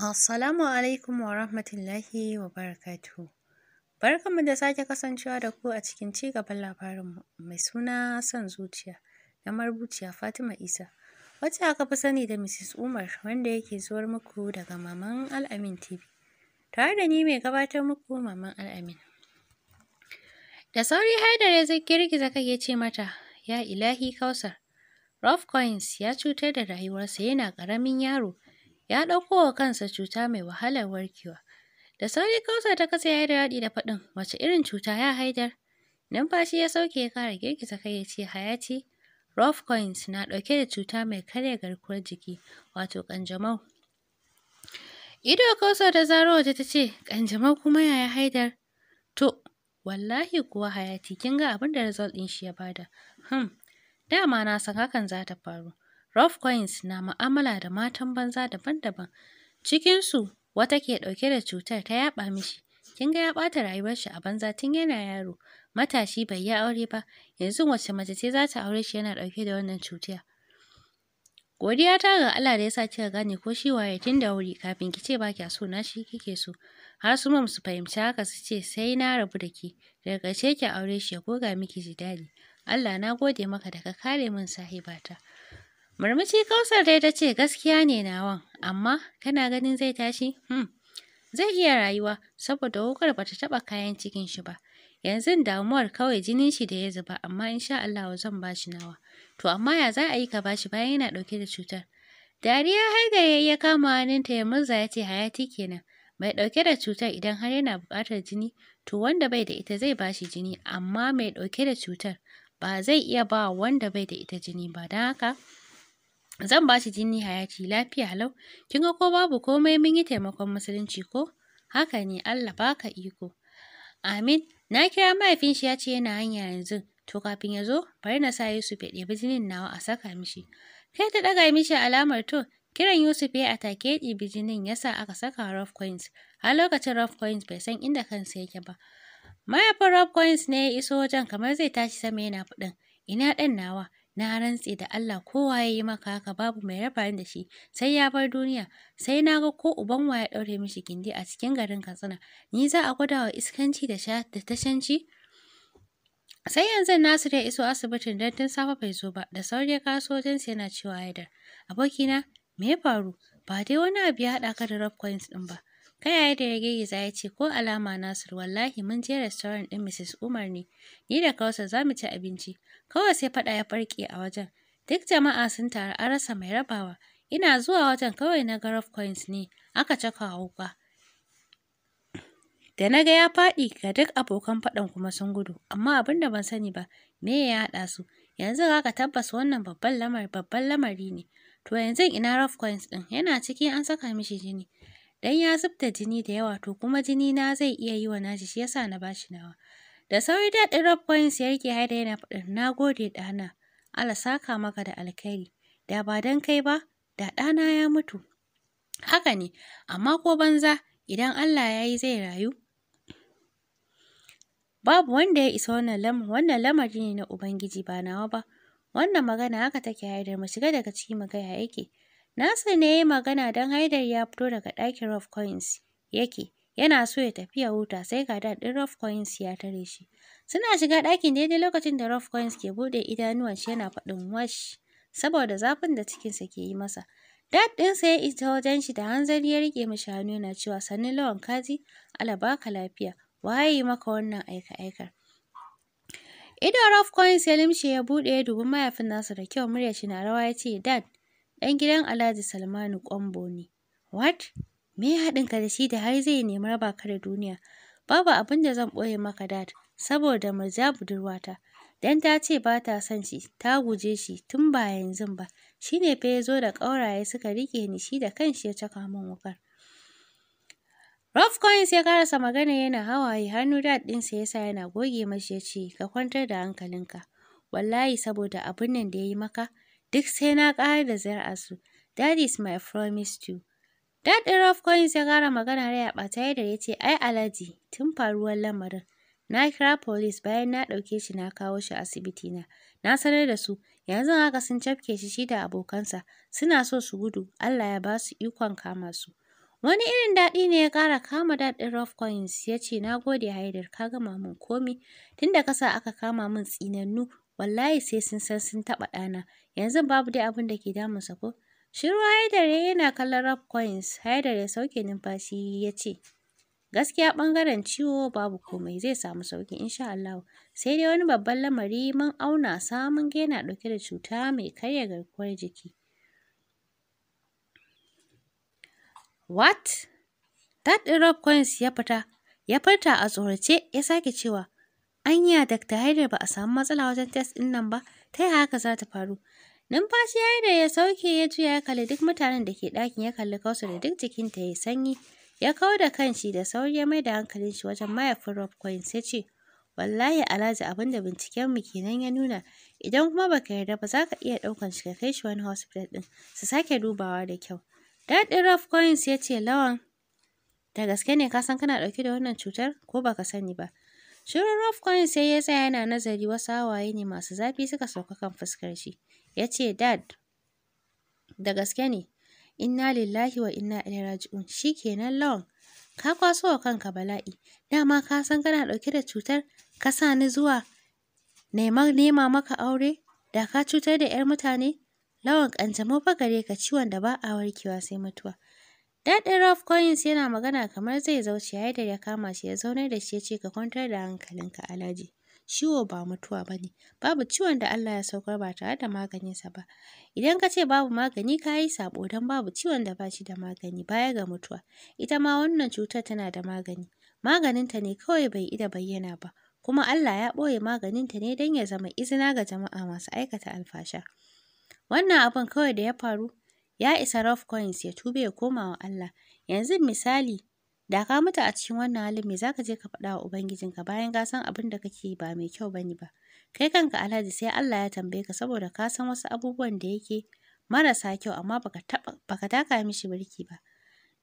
Assalamu alaikum wa rahmatullahi wa barakatuhu. Barkanmu da sake kasancewa da ku a cikin ci gaban labarinmu mai suna son zuciya na marubuciya Fatima Isa. Wacce aka fi sani da Mrs. Umar wanda yake zuwar muku daga Maman Al'amin TV. Tare da ni mai gabatar muku Maman Al'amin. Da sauri Haidar ya girgiza kai ya ce mata, Ya ilahi Kausar, Rough Coins ya cutar da rayuwarsa yana ƙaramin yaro. ya ɗauko wa kansa cuta mai wahalar warkewa. Da sauri kausar ta kasa ya daɗi da faɗin wace irin cuta ya haidar. Numfashi ya sauke ya kara girgiza kai ya ce hayati rough coins na ɗauke da cuta mai karya garkuwar jiki wato ƙanjamau. Ido kausar da zaro waje ta ce ƙanjamau kuma ya haidar. To wallahi kuwa hayati kin ga abin da result ɗin shi ya bada. Hmm dama na san hakan za ta faru. Rough Coins na ma'amala da matan banza daban-daban. Cikinsu wata ke ɗauke da cutar ta yaɓa mishi. Kin ga ya ɓata rayuwarshi a banza tun yana yaro. Matashi bai yi aure ba, yanzu wace mace ce za ta aure shi yana ɗauke da wannan cutar? Godiya ta ga Allah da ya sa kika gane ko shi waye tun da wuri kafin ki ce ba kya so na shi kike so. Har su mam su fahimci haka su ce sai na rabu da ke. Daga ƙarshe ki aure shi ya goga miki ji jidali. Allah na gode maka da ka kare min sahibata. Murmushi Kausar dai ta ce gaskiya ne nawan, amma kana ganin zai tashi? Hmm. Zai iya rayuwa saboda wukar bata taba kayan cikin shi ba. Yanzu damuwar kawai jinin shi da ya zuba amma in sha Allah zan ba shi nawa. To amma ya za a yi ka shi bayan yana ɗauke da cutar? Dariya haida ya kama ta ya murza ya ce hayati kenan. Mai ɗauke da cutar idan har yana buƙatar jini, to wanda bai da ita zai bashi jini, amma mai ɗauke da cutar ba zai iya ba wanda bai da ita jini ba, don haka zan ba shi jini hayaci lafiya lau kin ga ko babu komai mun yi taimakon musulunci ko haka ne Allah baka iko amin na kira mahaifin shi ya ce yana hanya yanzu to kafin ya zo bari na sa Yusuf ya ɗebi jinin nawa a saka mishi kai ta ɗaga mishi alamar to kiran Yusuf ya atake ya ɗebi jinin ya sa aka saka rough coins a lokacin rough coins bai san inda kansa yake ba mahaifin rough coins ne ya iso wajen kamar zai tashi sama yana faɗin ina ɗan nawa na rantse da Allah kowa ya yi maka haka babu mai raba da shi sai ya bar duniya sai na ga ko uban ya ɗaure mishi gindi a cikin garin Katsina ni za a gwada wa iskanci da sha da tashanci sai yanzu Nasiru ya iso asibitin dan tun safe bai zo ba da sauri ya kasuwacinsa yana cewa ya aboki na, me ya faru ba dai wani abu ya haɗa ka da rough coins din ba kai ya da giza ya ce ko alama Nasir wallahi mun je restaurant din Mrs. Umar ne, ni da Kausa za mu ci abinci, Kawai sai faɗa ya farke a wajen. Duk jama'a sun taru an rasa mai rabawa. Ina zuwa wajen kawai na ga coins ne aka caka wuka. Da na ga ya faɗi ga duk abokan faɗan kuma sun gudu, amma abin da ban sani ba, me ya haɗa su? Yanzu za ka tabbas wannan babban lamari babban lamari ne. To yanzu ina rough coins ɗin yana ciki an saka mishi jini. Dan ya zubta jini da yawa to kuma jini na zai iya yi wa nashi shi yasa na bashi nawa. Da sauri da ɗirar points ya rike haida yana faɗin na gode ɗana, Allah saka maka da alkhairi, da ba don kai ba, da ɗana ya mutu. Haka ne, amma ko banza idan Allah ya yi zai rayu. Babu wanda ya isa wannan lamar, wannan lamari ne na Ubangiji ba nawa ba. Wannan magana haka take haidar mu shiga daga ciki mu gaya yake. nasa ne ya magana don haidar ya fito daga ɗakin Rough Coins yake. Yana so ya tafi ya huta sai ga dad ɗin Rough Coins ya tare shi. Suna shiga ɗakin daidai lokacin da Rough Coins ke buɗe idanuwan shi yana faɗin wash saboda zafin da cikinsa ke yi masa. Dad ɗinsa ya isa wajen shi da hanzari ya riƙe mishi hannu yana cewa sannin lawan kaji alabaka lafiya waye maka wannan aika-aikar. Ido Rough Coins ya limshe ya buɗe ya dubi mayafin nasa da kyau murya shi na rawa ya ce dad ɗan gidan Alhaji Salmanu Kwambo ne. What? Me ya haɗin ka da shi da har zai nemi raba ka da duniya? Babu abin da zan ɓoye maka dad, saboda murja budurwata. Dan ta ce ba ta son shi, ta guje shi tun ba yanzu ba. Shi ne fa ya zo da ƙauraye suka riƙe ni shi da kanshi ya caka min wukar. Rolf Coins ya karasa magana yana hawaye hannu dad ɗinsa ya sa yana goge mashi ya ce, Ka kwantar da hankalinka. Wallahi saboda abin nan da ya yi maka, duk sai na ƙara da su. That is my promise to Daɗin Rofcoins ya gara magana rai a ɓata yadda ya ce, Ai Alhaji, tun faruwar lamarin, na kira police bayan na ɗauke shi na kawo shi asibiti na. Na sanar da su, yanzu haka sun cafke shi shi da abokansa, suna so su gudu, Allah ya ba su ikon kama su. Wani irin daɗi ne ya ƙara kama daɗin Rough Coins ya ce, Na gode Haidar, ka gama min komi, tun da kasa aka kama min tsinannu, wallahi sai sun san sun taɓa ɗana, yanzu babu dai abin da ke damunsa ko. Shiru Haidar yana kallon Rob Coins, haidare ya sauke numfashi ya ce, Gaskiya ɓangaren ciwo babu komai zai samu sauki insha Allah. Sai dai wani babban lamari mun auna samun gana ɗauke da cuta mai karya garkuwar jiki. What? Daɗin Rob Coins ya fita, ya fita a tsorace ya sake cewa, Anya Dr. Haidar ba a samu matsala wajen test ɗin nan ba, ta yaya haka za ta faru? Numfashi ya yi da ya sauke ya juya ya kalli duk mutanen da ke ɗakin ya kalli Kausar da duk jikinta ya sanyi. Ya kawo da kanshi da sauri ya mai da hankalin shi wajen mahaifin Rob ya ce, Wallahi Alhaji abin da binciken mu kenan ya nuna, idan kuma baka yarda ba za ka iya ɗaukan shi ka kai shi wani hospital ɗin su sake dubawa da kyau. Daɗin Rob Coins ya ce lawan, da gaske ne ka san kana ɗauke da wannan cutar ko baka sani ba. Shirin Rob Coins sai ya tsaya yana nazari wasu hawaye ne masu zafi suka sauka kan fuskar shi. ya ce dad da gaske ne inna lillahi wa inna ilaihi raji'un kenan lawan ka kwaso wa kanka bala'i dama ka san kana dauke da cutar ka sa ni zuwa nema nema maka aure da ka cutar da yar mutane lawan kanjamau fa gare ka ciwon da ba a warkewa sai mutuwa Daɗin Ralph Collins yana magana kamar zai zauce ya da ya kama shi ya zaunar da shi ya ce ka kwantar da hankalinka Alhaji. ciwo ba mutuwa ba ne. Babu ciwon da Allah ya saukar ba tare da maganinsa ba. Idan ka ce babu magani ka yi saɓo don babu ciwon da ba shi da magani baya ga mutuwa. Ita ma wannan cutar tana da magani. Maganinta ne kawai bai ida bayyana ba. Kuma Allah ya ɓoye maganinta ne don ya zama izina ga jama'a masu aikata alfasha. Wannan abin kawai da ya faru ya isa rough coins ya tube ya komawa Allah. Yanzu misali Da ka mutu a cikin wannan halin me zaka je ka faɗa wa Ubangijinka bayan ka san abin da kake ba mai kyau bane ba. Kai kanka Alhaji sai Allah ya tambaye ka saboda ka san wasu abubuwan da yake marasa kyau amma baka taba baka taka mishi birki ba.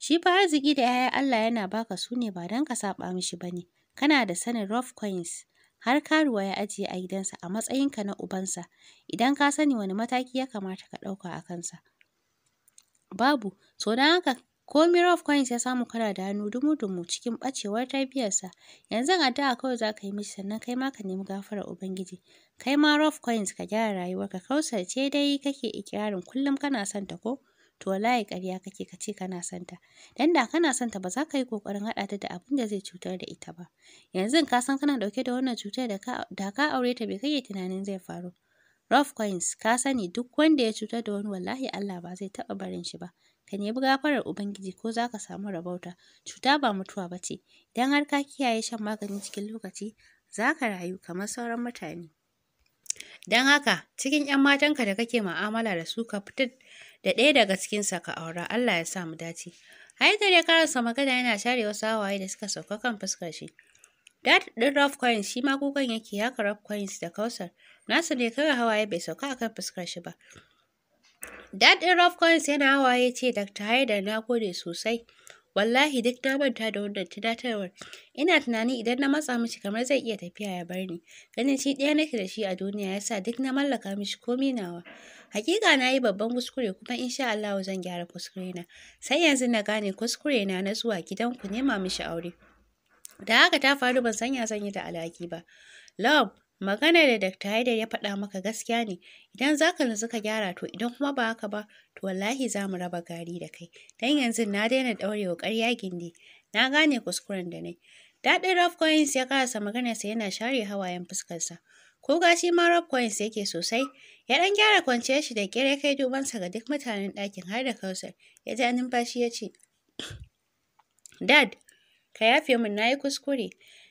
Shi fa arziki da yaya Allah yana baka su ne ba dan ka saba mishi bane. Kana da sanin rough coins har karuwa ya ajiye a gidansa a matsayinka na ubansa idan ka sani wani mataki ya kamata ka ɗauka a kansa. Babu, so don haka Komi, Mirror of Coins ya samu kana da hannu dumu-dumu cikin ɓacewar tarbiyarsa, yanzu a da, kawai za ka yi mishi sannan kai ma ka nemi gafarar Ubangiji. Kai ma Rough Coins ka gyara Ka kausar ce dai kake ikirarin kullum kana son ta ko? To wallahi ƙarya kake ka ce kana son ta. Dan da kana son ta ba za ka yi ƙoƙarin haɗa ta da abin da zai cutar da ita ba. Yanzu ka san kana dauke da wannan cutar da ka, da ka aure ta bai kai tunanin zai faru. Rough Coins ka sani duk wanda ya cutar da wani wallahi Allah ba zai taɓa barin shi ba. ka nemi gafarar ubangiji ko za ka samu rabauta cuta ba mutuwa ba ce idan har ka kiyaye shan magani cikin lokaci za ka rayu kamar sauran mutane don haka cikin 'yan matanka da kake ma'amala da su ka fitar da ɗaya daga cikinsa ka aura allah ya sa mu dace haidar ya karasa magana yana share wasu hawaye da suka sauka kan fuskar shi Dad ɗin Ralph Collins shi ma kukan yake ya ka Ralph Coins da Kausar. Nasa ne kawai hawaye bai sauka akan fuskar shi ba. Daɗin Rob Coins yana hawaye ce, "Dr. Haider, na gode sosai, wallahi duk na manta da wannan tunatarwar, ina tunanin idan na matsa mishi kamar zai iya tafiya ya bar ni, ganin shi ɗaya nake da shi a duniya ya sa duk na mallaka mishi komai nawa. Hakika na yi babban kuskure kuma in insha Allahu zan gyara kuskurena, sai yanzu na gane kuskure na na zuwa gidan ku nema mishi aure. Da haka ta faru ban sanya zan yi da alhaki ba. Love, Magana da Dr. Haidar ya faɗa maka gaskiya ne, idan za ka nutsu ka gyara to idan kuma ba haka ba, to wallahi za mu raba gari da kai. Dan yanzu na daina ɗaurewa ƙarya gindi, na gane kuskuren da nai. Daɗin Rob Coins ya karasa maganarsa yana share hawayen fuskarsa. Ko ga shi ma Rob Coins yake sosai, ya ɗan gyara kwanciyar shi da ƙyar ya kai dubansa ga duk mutanen ɗakin har da Kausar. Ya ja numfashi ya ce, Dad, ka yafe min na yi kuskure,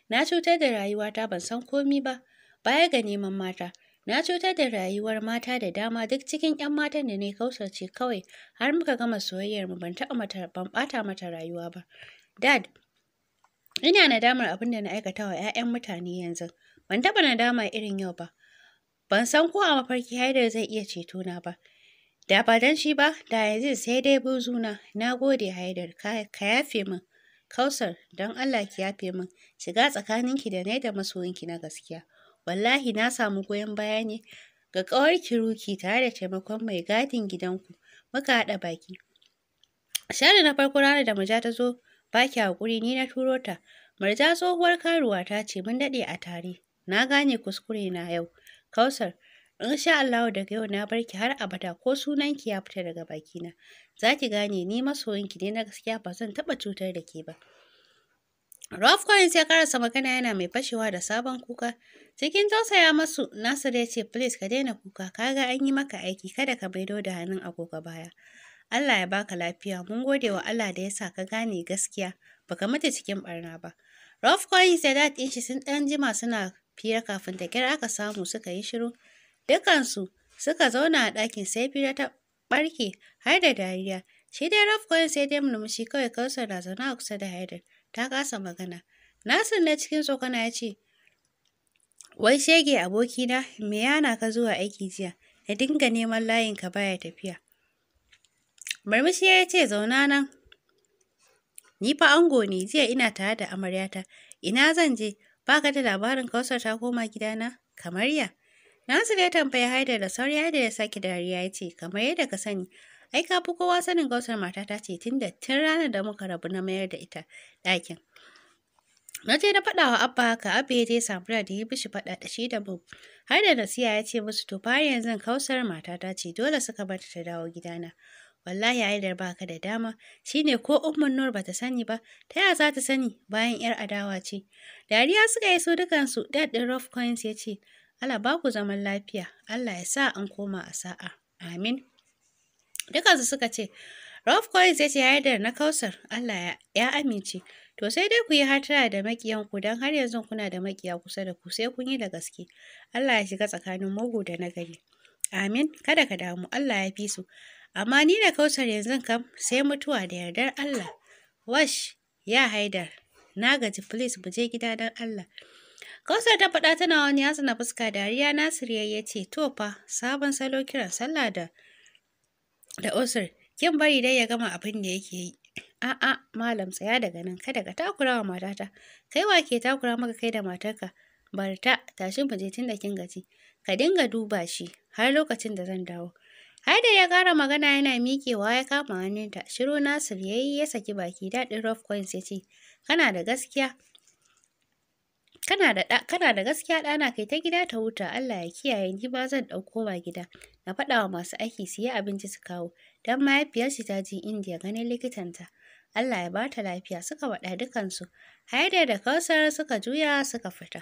na cutar da rayuwata ban san komi ba. Baya ga neman mata, na cutar da rayuwar mata da dama duk cikin 'yan matan da ne kausarce kawai har muka gama soyayyar mu ban taɓa mata ban ɓata mata rayuwa ba. Dad, ina nadamar abin da na aikata wa 'ya'yan mutane yanzu. Ban taɓa nadama irin yau ba. Ban san ko a mafarki Haidar zai iya ceto na ba. Da ba don shi ba, da yanzu sai dai buzuna. Na gode Haidar, ka yafe min. Kausar, don Allah ki yafe min. Shiga tsakaninki da nai da masoyinki na gaskiya. Wallahi na samu goyon baya ne ga ƙawar Kiruki tare da taimakon mai gadin gidanku. Muka haɗa baki. Shari na farko rana da maja ta zo baki a guri ni na turo ta. marja tsohuwar karuwa ta ce mun daɗe a tare. Na gane kuskure na yau. Kausar, in sha Allahu daga yau na barki har abada ko sunanki ya fita daga bakina. Za ki gane ni masoyinki ne na gaskiya ba zan taɓa cutar da ke ba. Ralph sai ya karasa magana yana mai fashewa da sabon kuka. Cikin tausaya masu, Nasir ya ce, Please ka daina kuka, kaga ga an yi maka aiki, kada ka maido da hannun agogo baya. Allah ya baka lafiya, mun gode wa Allah da ya sa ka gane gaskiya, baka mutu cikin barna ba. Ralph Collins da dad shi sun ɗan jima suna fira kafin ta kyar aka samu suka yi shiru. Dukansu suka zauna a ɗakin sai fira ta ɓarke har da dariya. Shi dai Ralph sai dai murmushi kawai kawsa da zaune a kusa da Haidar. ta kasa magana. Nasir na cikin tsokana ya ce, Wai shege abokina, me yana ka zuwa aiki jiya, ya dinga neman layinka baya tafiya. Marmishi ya ce zauna nan, ni fa ango ne jiya ina tare da amaryata, ina zan je, ba ka da labarin kausar ta koma gidana, kamar ya. Nasir ya tambaya Haidar da sauri Haidar ya sake dariya ya ce, kamar yadda ka sani, Ai ka fi kowa sanin gautar matata ce tun da tun ranar da muka rabu na mayar da ita ɗakin. Na je na faɗa wa Abba haka, Abba ya je Samura da ya bishi faɗa da shi da mu. Har da nasiya ya ce musu to har yanzu kausar matata ce dole suka bar ta dawo gidana. Wallahi Haidar ba ka da dama, shi ne ko Umman Nur ba ta sani ba, ta ya za ta sani bayan 'yar adawa ce. Dariya suka yi su dukansu, daɗin Rough Coins ya ce, Allah ba ku zaman lafiya, Allah ya sa an koma a sa'a. Amin. Dukansu suka ce, Rolf Collins ya ce ya yarda na kausar, Allah ya amince. To sai dai ku yi hatara da ku, don har yanzu kuna da makiya kusa da ku sai kun yi da gaske. Allah ya shiga tsakanin mugu da nagari. Amin, kada ka damu, Allah ya fi su. Amma ni da kausar yanzu kam sai mutuwa da yardar Allah. Wash, ya haidar, na gaji please buje gida don Allah. Kausar ta faɗa tana wani yatsa na fuska dariya Nasir ya ce to fa sabon salo kiran sallah da da osir kin bari dai ya gama abin da yake yi a'a malam tsaya daga nan kada ka takura wa matata kai wa ke takura maka kai da matarka barta tashi mu je tun da kin gaji ka dinga duba shi har lokacin da zan dawo Haida ya ƙara magana yana miƙewa ya kama hannunta, shiru Nasir ya yi ya saki baki daɗin rough coins ya ce, Kana da gaskiya, kana da kana da gaskiya ɗana kai ta gida ta huta Allah ya kiyaye ni ma zan ɗauko ma gida na fada wa masu aiki su yi abinci su kawo don mahaifiyar shi ta je indiya ganin likitanta Allah ya bata lafiya suka dukan dukansu haida da kausar suka juya suka fita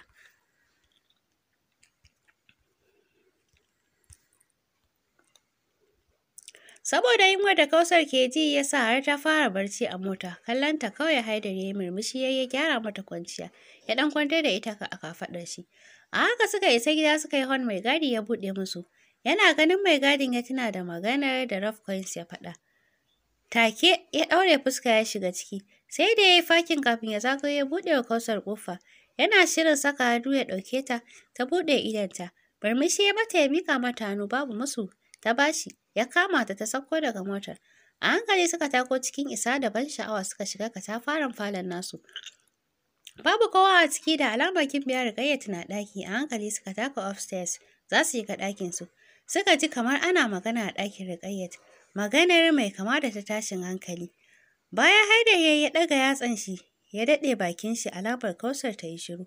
Saboda yin da kausar ke ji ya sa har ta fara barci a mota, kallon ta kawai haidar ya yi murmushi ya yi gyara mata kwanciya, ya ɗan kwantar da ita a faɗa shi. A haka suka isa gida suka yi hon mai gadi ya buɗe musu. Yana ganin mai gadin ya tuna da maganar da rough Coins ya faɗa. Take ya ɗaure fuska ya shiga ciki, sai da ya yi fakin kafin ya zagaye ya buɗe wa kausar ƙofa. Yana shirin saka hannu ya ɗauke ta, ta buɗe idanta. Barmishi ya mata ya mika mata hannu babu musu ta bashi ya kama ta ta sauko daga motar a hankali suka tako cikin isa da ban sha'awa suka shiga katafaren falon nasu babu kowa a ciki da alamar biyar gayyata na ɗaki a hankali suka taka upstairs za su yi ga su suka ji kamar ana magana a ɗakin rigayyat maganar mai kama da ta tashin hankali bayan haida ya ya ɗaga yatsan shi ya daɗe bakin shi alamar kausar ta yi shiru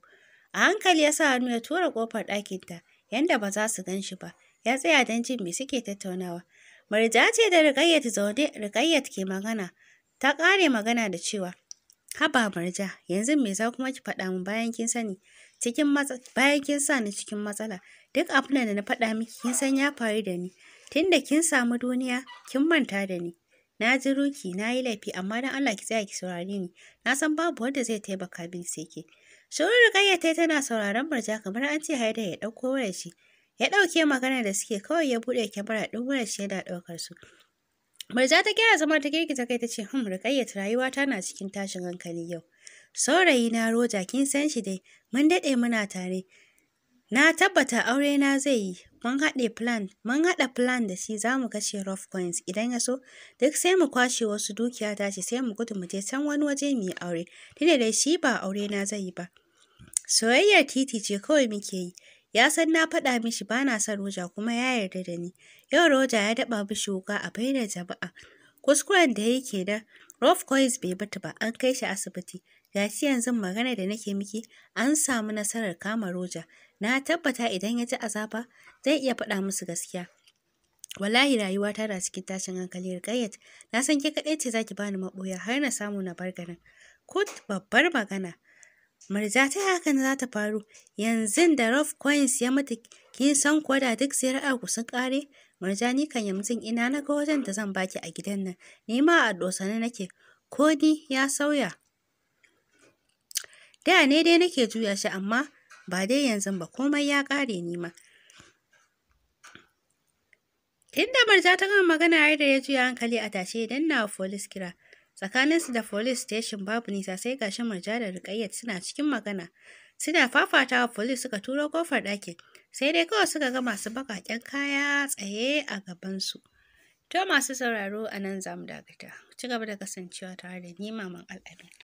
a hankali ya sa hannu ya tura ƙofar ɗakinta yanda ba za su gan shi ba ya tsaya don jin me suke tattaunawa. Marja ce da Rukayyat zaune, Rukayyat ke magana. Ta ƙare magana da cewa, Haba Marja, yanzu me za kuma ki faɗa min bayan kin sani cikin bayan kin sa ni cikin matsala. Duk abin da na faɗa miki kin san ya faru da ni. Tunda kin samu duniya, kin manta da ni. Na ji ruki, na yi laifi, amma don Allah ki tsaya ki saurare ni. Na san babu wanda zai taimaka min sai ke. Shirin Rukayyat tana sauraron Marja kamar an ce haida ya ɗauko wayar shi. Ya ɗauke magana da suke kawai ya buɗe kyamara ɗin wayar shi yana ɗaukar su. Murja ta kira zama ta girgiza kai ta ce, "Hum, Rukayyat rayuwa tana cikin tashin hankali yau." Saurayi na Roja, kin san shi dai, mun daɗe muna tare. Na tabbata aure na zai yi, mun haɗe plan, mun haɗa plan da shi za mu kashe rough coins idan ya so, duk sai mu kwashe wasu dukiya ta ce sai mu gudu mu je can wani waje mu yi aure, tunda dai shi ba aure na zai yi ba. Soyayyar titi ce kawai muke yi, Ya san na faɗa mishi ba na son Roja kuma ya yarda da ni. Yau Roja ya daɓa mishi wuka a bai da jama'a. Kuskuren da ya ke da Coins bai bata ba, an kai shi asibiti. Ga shi yanzu magana da nake miki, an samu nasarar kama Roja. Na tabbata idan ya ji azaba, zai iya faɗa musu gaskiya. Wallahi rayuwa ta da cikin tashin hankali Rukayat, na san ke kaɗai ce zaki bani maɓoya har na samu na bar ganin Kut babbar magana, Marja ta hakan za ta faru, yanzu da rough coins ya mutu kin san kuwa da duk ziyar ku sun kare. Marja ni kan yanzu ina na ga wajen da zan baki a gidan nan, ni ma a dosane nake, ko ni ya sauya. Da ne dai nake juya shi amma ba dai yanzu ba komai ya kare ni ma. Inda Marja ta gama magana har da ya juya hankali a tashe idan na folis kira. Tsakaninsu da police station babu nisa sai gashi Murja da Rukayyat suna cikin magana. Suna fafatawa police suka turo kofar ɗakin. Sai dai kawai suka ga masu baƙaƙen kaya tsaye a gabansu. To masu sauraro a nan za mu dakata. Ci gaba da kasancewa tare da ni Maman Al'amin.